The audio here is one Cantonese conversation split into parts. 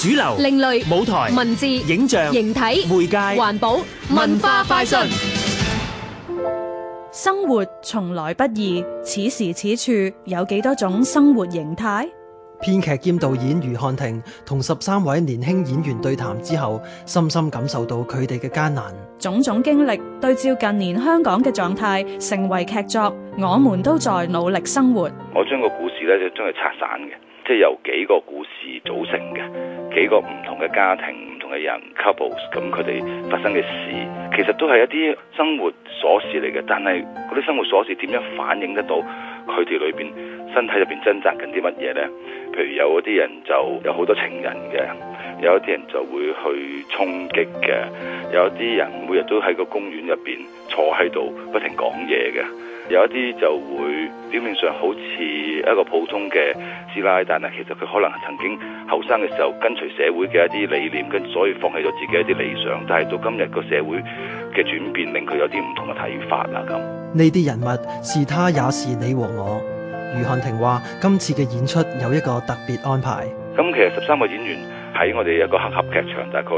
主流、另類舞台、文字、影像、形體、媒介、環保、文化、快訊、生活從來不易。此時此處有幾多種生活形態？編劇兼導演余漢庭同十三位年輕演員對談之後，深深感受到佢哋嘅艱難，種種經歷對照近年香港嘅狀態，成為劇作。我們都在努力生活。我將個故事咧，就將佢拆散嘅，即係由幾個故事做。幾個唔同嘅家庭、唔同嘅人，couples，咁佢哋發生嘅事，其實都係一啲生活瑣事嚟嘅。但係嗰啲生活瑣事點樣反映得到佢哋裏邊身體入邊掙扎緊啲乜嘢呢？譬如有啲人就有好多情人嘅，有一啲人就會去衝擊嘅。有啲人每日都喺個公園入邊坐喺度不停講嘢嘅，有一啲就會表面上好似一個普通嘅師奶，但係其實佢可能曾經後生嘅時候跟隨社會嘅一啲理念，跟所以放棄咗自己一啲理想，但係到今日個社會嘅轉變令佢有啲唔同嘅睇法啦咁。呢啲人物是他，也是你和我。余漢庭話：今次嘅演出有一個特別安排。咁其實十三個演員喺我哋一個黑盒劇場，大概，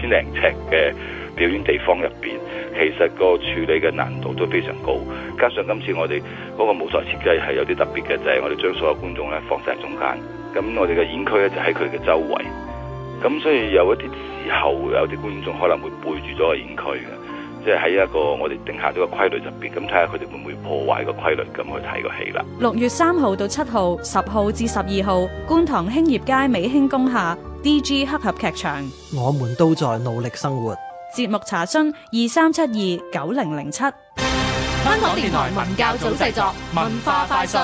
千零尺嘅表演地方入邊，其實個處理嘅難度都非常高。加上今次我哋嗰個舞台設計係有啲特別嘅，就係我哋將所有觀眾咧放晒喺中間。咁我哋嘅演區咧就喺佢嘅周圍。咁所以有一啲時候，有啲觀眾可能會背住咗個演區嘅，即係喺一個我哋定下咗個規律入邊。咁睇下佢哋會唔會破壞個規律咁去睇個戲啦。六月三號到七號，十號至十二號，觀塘興業街美興工廈。DG 黑盒劇場，我們都在努力生活。節目查詢二三七二九零零七。香港電台文教組製作，文化快訊。